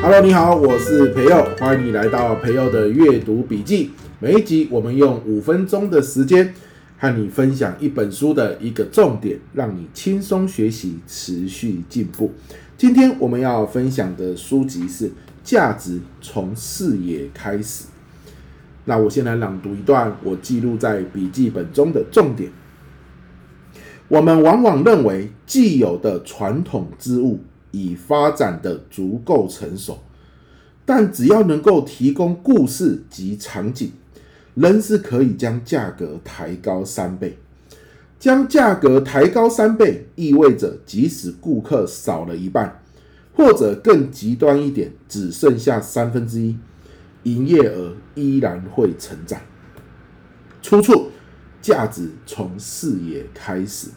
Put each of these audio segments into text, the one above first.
Hello，你好，我是培祐，歡迎你來到培祐的閱讀筆記。每一集我們用五分鐘的時間和你分享一本書的一個重點，讓你輕鬆學習，持續進步。今天我們要分享的書籍是《價值從視野開始》。那我先來朗讀一段我記錄在筆記本中的重點。我們往往認為既有的傳統織物已發展得足夠成熟，但只要能夠提供故事及場景，仍是可以將價格抬高三倍。將價格抬高三倍，意味着即使顧客少了一半，或者更極端一點，只剩下三分之一，營業額依然會成長。出處：價值從視野開始。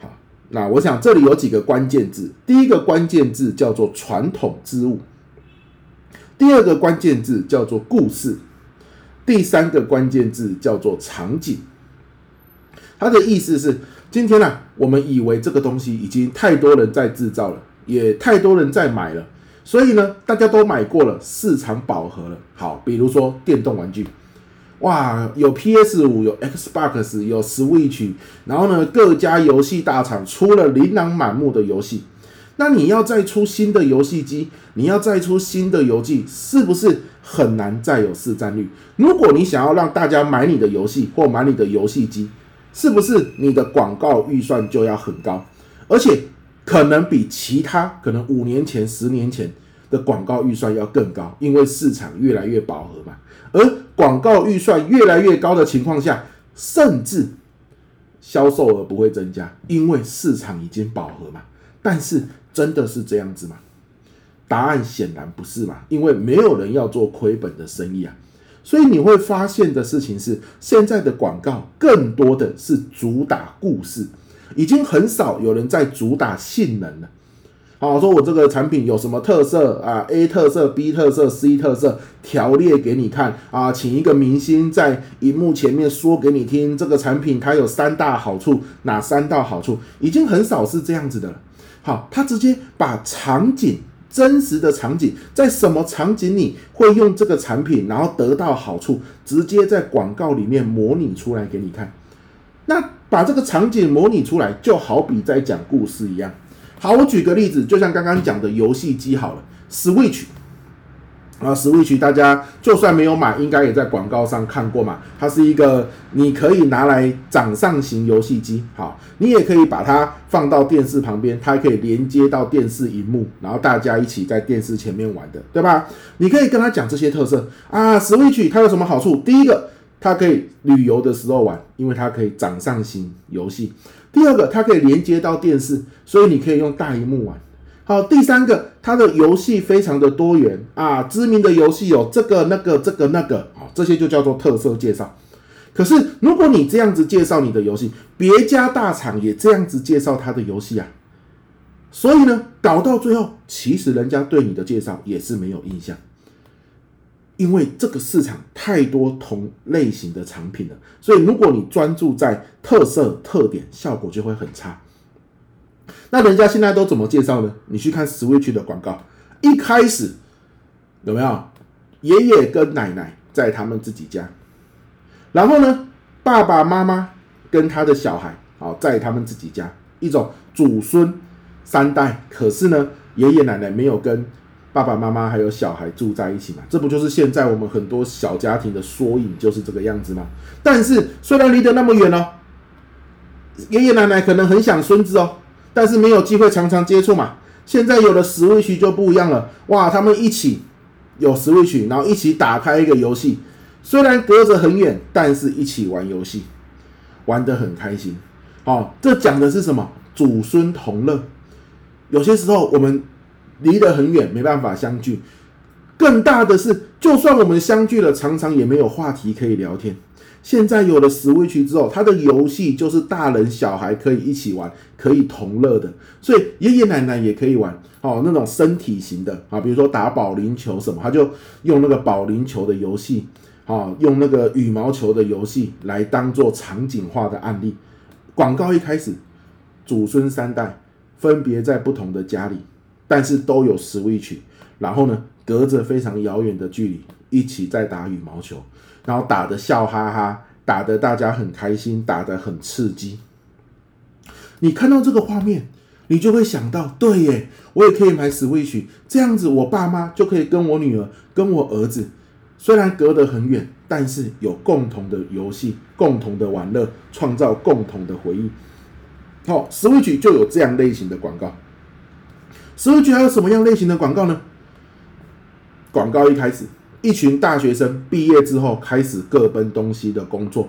好，那我想這裡有幾個關鍵字。第一個關鍵字叫做傳統織物。第二個關鍵字叫做故事。第三個關鍵字叫做場景。它的意思是，今天呢、啊，我們以為這個東西已經太多人在制造了，也太多人在買了。所以呢，大家都買過了，市場飽和了。好，比如說電動玩具，哇，有 PS5，有 Xbox，有 Switch，然後呢，各家遊戲大廠出了琳琅滿目的遊戲。那你要再出新的遊戲機，你要再出新的遊戲，是不是很難再有市占率？如果你想要讓大家買你的遊戲或買你的遊戲機，是不是你的廣告預算就要很高？而且，可能比其他，可能五年前、十年前的廣告預算要更高，因為市場越來越飽和嘛。而廣告預算越來越高的情況下，甚至銷售額不會增加，因為市場已經飽和嘛。但是真的是這樣子嗎？答案顯然不是嘛，因為沒有人要做虧本的生意啊。所以你會發現的事情是，現在的廣告更多的是主打故事。已經很少有人在主打性能了。好、哦，說我這個產品有什麼特色啊？A 特色、B 特色、C 特色，條列給你看啊！請一個明星在熒幕前面說給你聽，這個產品它有三大好處，哪三大好處？已經很少是這樣子的了。好、哦，他直接把場景真實的場景，在什麼場景裡會用這個產品，然後得到好處，直接在廣告裡面模擬出來給你看。那把這個場景模擬出來，就好比在講故事一樣。好，我舉個例子，就像剛剛講的遊戲機好了，Switch，啊，Switch，大家就算沒有買，應該也在廣告上看過嘛。它是一個你可以拿來掌上型遊戲機，好，你也可以把它放到電視旁邊，它還可以連接到電視熒幕，然後大家一起在電視前面玩的，對吧？你可以跟他講這些特色啊，Switch 它有什麼好處？第一個。它可以旅遊的時候玩，因為它可以掌上型遊戲。第二個，它可以連接到電視，所以你可以用大熒幕玩。好，第三個，它的遊戲非常的多元啊，知名的遊戲有這個那個這個那個，好、這個那個哦，這些就叫做特色介紹。可是如果你這樣子介紹你的遊戲，別家大廠也這樣子介紹他的遊戲啊，所以呢，搞到最後，其實人家對你的介紹也是沒有印象。因為這個市場太多同類型的產品了，所以如果你專注在特色特點，效果就會很差。那人家現在都怎麼介紹呢？你去看 Switch 的廣告，一開始有沒有爺爺跟奶奶在他們自己家，然後呢爸爸媽媽跟他的小孩啊在他們自己家，一種祖孫三代，可是呢爺爺奶奶沒有跟。爸爸媽媽還有小孩住在一起嘛？這不就是現在我們很多小家庭的縮影，就是這個樣子嗎？但是雖然離得那麼遠哦，爺爺奶奶可能很想孫子哦，但是沒有機會常常接觸嘛。現在有了 Switch 就不一樣了，哇！他們一起有 Switch，然後一起打開一個遊戲，雖然隔着很遠，但是一起玩遊戲，玩得很開心。好、哦，這講的是什麼？祖孫同樂。有些時候我們。離得很遠，沒辦法相聚。更大的是，就算我們相聚了，常常也沒有話題可以聊天。現在有了 Switch 之後，它的遊戲就是大人小孩可以一起玩，可以同樂的。所以爺爺奶奶也可以玩，哦，那種身體型的啊、哦，比如說打保齡球什麼，他就用那個保齡球的遊戲，啊、哦，用那個羽毛球的遊戲來當做場景化的案例。廣告一開始，祖孫三代分別在不同的家裡。但是都有 Switch，然後呢，隔着非常遙遠的距離，一起在打羽毛球，然後打得笑哈哈，打得大家很開心，打得很刺激。你看到這個畫面，你就會想到，對耶，我也可以買 Switch，這樣子我爸媽就可以跟我女兒、跟我兒子，雖然隔得很遠，但是有共同的遊戲、共同的玩樂、創造共同的回憶。好，哦，Switch 就有這樣類型的廣告。Switch 還有什麼樣類型的廣告呢？廣告一開始，一群大學生畢業之後開始各奔東西的工作，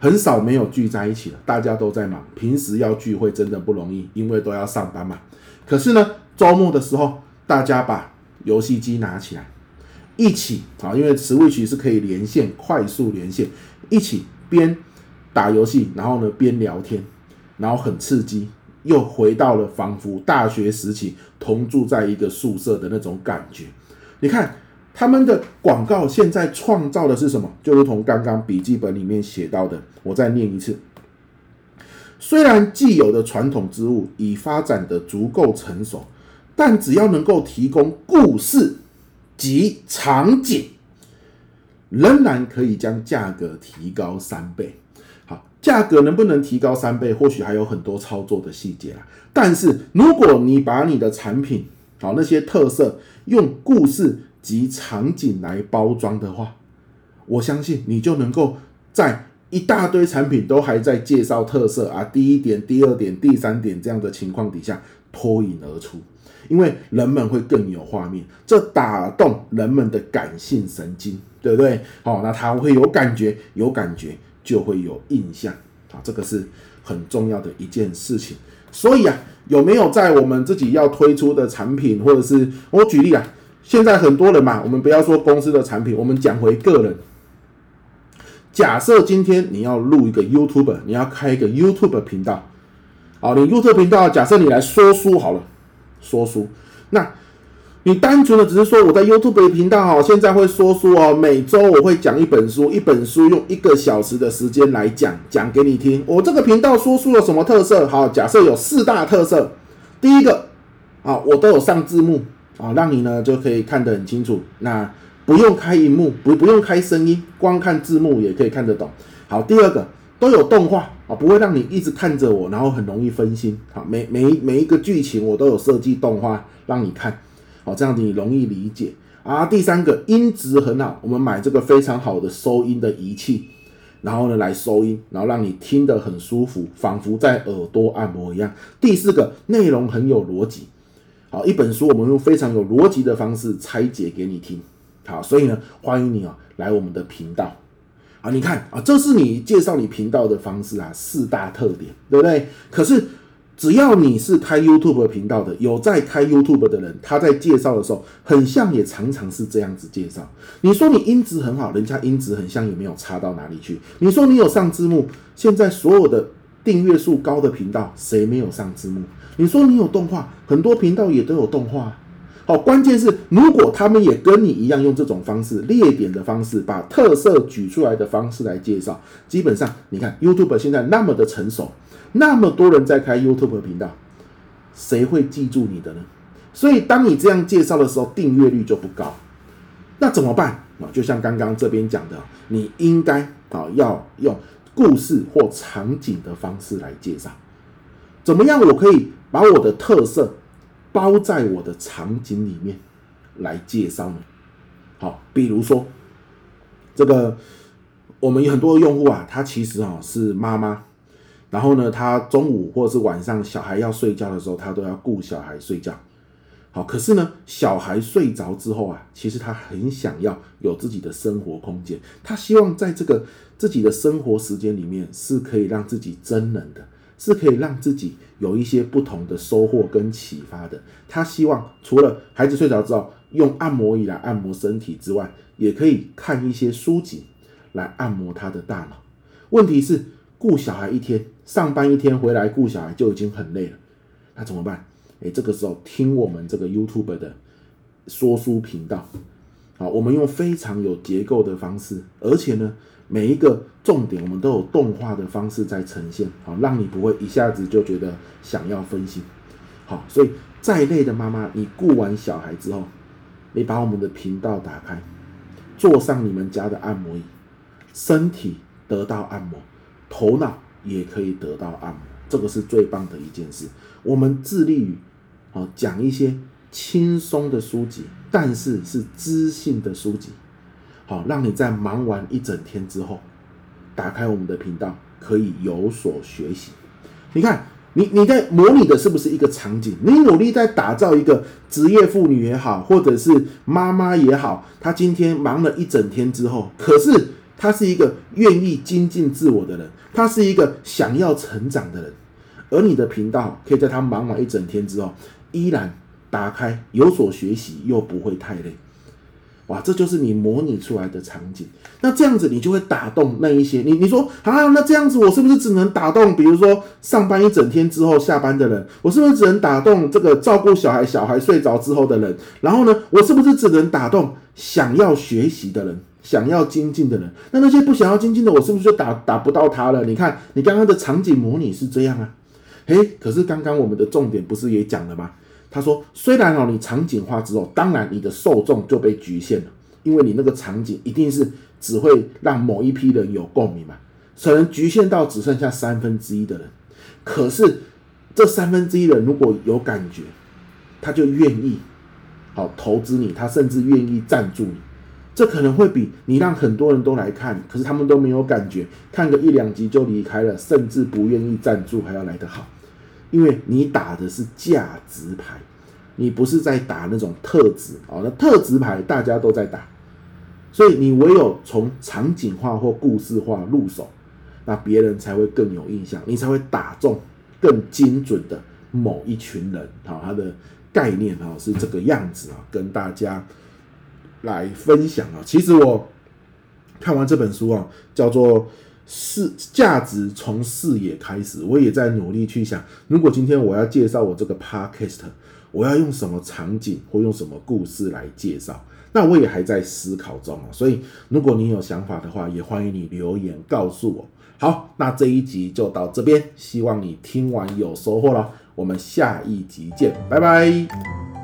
很少沒有聚在一起了。大家都在忙，平時要聚會真的不容易，因為都要上班嘛。可是呢，週末的時候，大家把遊戲機拿起來，一起啊，因為 Switch 是可以連線，快速連線，一起邊打遊戲，然後呢邊聊天，然後很刺激。又回到了仿佛大學時期同住在一個宿舍的那種感覺。你看他們的廣告，現在創造的是什麼？就如同剛剛筆記本裡面寫到的，我再念一次。雖然既有的傳統之物已發展得足夠成熟，但只要能夠提供故事及場景，仍然可以將價格提高三倍。價格能不能提高三倍？或許還有很多操作的細節啊。但是如果你把你的產品好那些特色用故事及場景來包裝的話，我相信你就能夠在一大堆產品都還在介紹特色啊，第一點、第二點、第三點這樣的情況底下脫穎而出，因為人們會更有畫面，這打動人們的感性神經，對不對？好、哦，那他會有感覺，有感覺。就會有印象啊，這個是很重要的一件事情。所以啊，有沒有在我們自己要推出的產品，或者是我舉例啊，現在很多人嘛，我們不要說公司的產品，我們講回個人。假設今天你要錄一個 YouTube，你要開一個 YouTube 頻道，好，啊，你 YouTube 頻道，假設你來說書好了，說書，那。你單純的只是說我在 YouTube 的頻道哦，現在會說書哦，每周我會講一本書，一本書用一個小時的時間來講講給你聽。我這個頻道說書有什麼特色？好，假設有四大特色。第一個，啊，我都有上字幕啊，讓你呢就可以看得很清楚，那不用開熒幕，不不用開聲音，光看字幕也可以看得懂。好，第二個都有動畫啊，不會讓你一直看着我，然後很容易分心。好，每每每一個劇情我都有設計動畫讓你看。好，這樣子你容易理解啊。第三個音質很好，我們買這個非常好的收音的儀器，然後呢來收音，然後讓你聽得很舒服，仿佛在耳朵按摩一樣。第四個內容很有邏輯，好，一本書我們用非常有邏輯的方式拆解給你聽，好，所以呢歡迎你啊，哦，來我們的頻道，啊，你看啊，這是你介紹你頻道的方式啊，四大特點，對不對？可是。只要你是開 YouTube 頻道的，有在開 YouTube 的人，他在介紹的時候很像，也常常是這樣子介紹。你說你音質很好，人家音質很像，也沒有差到哪裡去。你說你有上字幕，現在所有的訂閱數高的頻道，誰沒有上字幕？你說你有動畫，很多頻道也都有動畫。好、哦，關鍵是如果他們也跟你一樣用這種方式列點的方式，把特色舉出來的方式來介紹，基本上你看 YouTube 現在那麼的成熟，那麼多人在開 YouTube 頻道，誰會記住你的呢？所以當你這樣介紹的時候，訂閱率就不高。那怎麼辦？啊，就像剛剛這邊講的，你應該啊要用故事或場景的方式來介紹。怎麼樣？我可以把我的特色。包在我的場景裡面來介紹呢。好，比如說這個，我們有很多用戶啊，他其實啊是媽媽，然後呢，他中午或者是晚上小孩要睡覺的時候，他都要顧小孩睡覺。好，可是呢，小孩睡着之後啊，其實他很想要有自己的生活空間，他希望在這個自己的生活時間裡面是可以讓自己真人的。的是可以讓自己有一些不同的收穫跟啟發的。他希望除了孩子睡着之後用按摩椅來按摩身體之外，也可以看一些書籍來按摩他的大腦。問題是顧小孩，一天上班，一天回來顧小孩就已經很累了，那怎麼辦？哎、欸，這個時候聽我們這個 YouTube 的說書頻道。好，我們用非常有結構的方式，而且呢，每一個重點我們都有動畫的方式在呈現，好，讓你不會一下子就覺得想要分心。好，所以再累的媽媽，你顧完小孩之後，你把我們的頻道打開，坐上你們家的按摩椅，身體得到按摩，頭腦也可以得到按摩，這個是最棒的一件事。我們致力於，啊，講一些輕鬆的書籍。但是是知性的書籍，好，讓你在忙完一整天之後，打開我們的頻道可以有所學習。你看，你你在模擬的是不是一個場景？你努力在打造一個職業婦女也好，或者是媽媽也好，她今天忙了一整天之後，可是她是一個願意精進自我的人，她是一個想要成長的人，而你的頻道可以在她忙完一整天之後，依然。打開有所學習又不會太累，哇！這就是你模擬出來的場景。那這樣子你就會打動那一些你你說啊，那這樣子我是不是只能打動？比如說上班一整天之後下班的人，我是不是只能打動這個照顧小孩、小孩睡着之後的人？然後呢，我是不是只能打動想要學習的人、想要精進的人？那那些不想要精進的，我是不是就打打不到他了？你看你剛剛的場景模擬是這樣啊，欸，可是剛剛我們的重點不是也講了嗎？他說：“雖然哦，你場景化之後，當然你的受眾就被局限了，因為你那個場景一定是只會讓某一批人有共鳴嘛，可能局限到只剩下三分之一的人。可是這三分之一的人如果有感覺，他就願意好投資你，他甚至願意贊助你。這可能會比你讓很多人都來看，可是他們都沒有感覺，看個一兩集就離開了，甚至不願意贊助，還要來得好。”因為你打的是價值牌，你不是在打那種特質啊。那特質牌大家都在打，所以你唯有從場景化或故事化入手，那別人才會更有印象，你才會打中更精準的某一群人。好，他的概念啊是這個樣子啊，跟大家來分享啊。其實我看完這本書啊，叫做。是價值從視野開始，我也在努力去想，如果今天我要介紹我這個 podcast，我要用什麼場景或用什麼故事來介紹，那我也還在思考中。所以，如果你有想法的話，也歡迎你留言告訴我。好，那這一集就到這邊，希望你聽完有收穫了。我們下一集見，拜拜。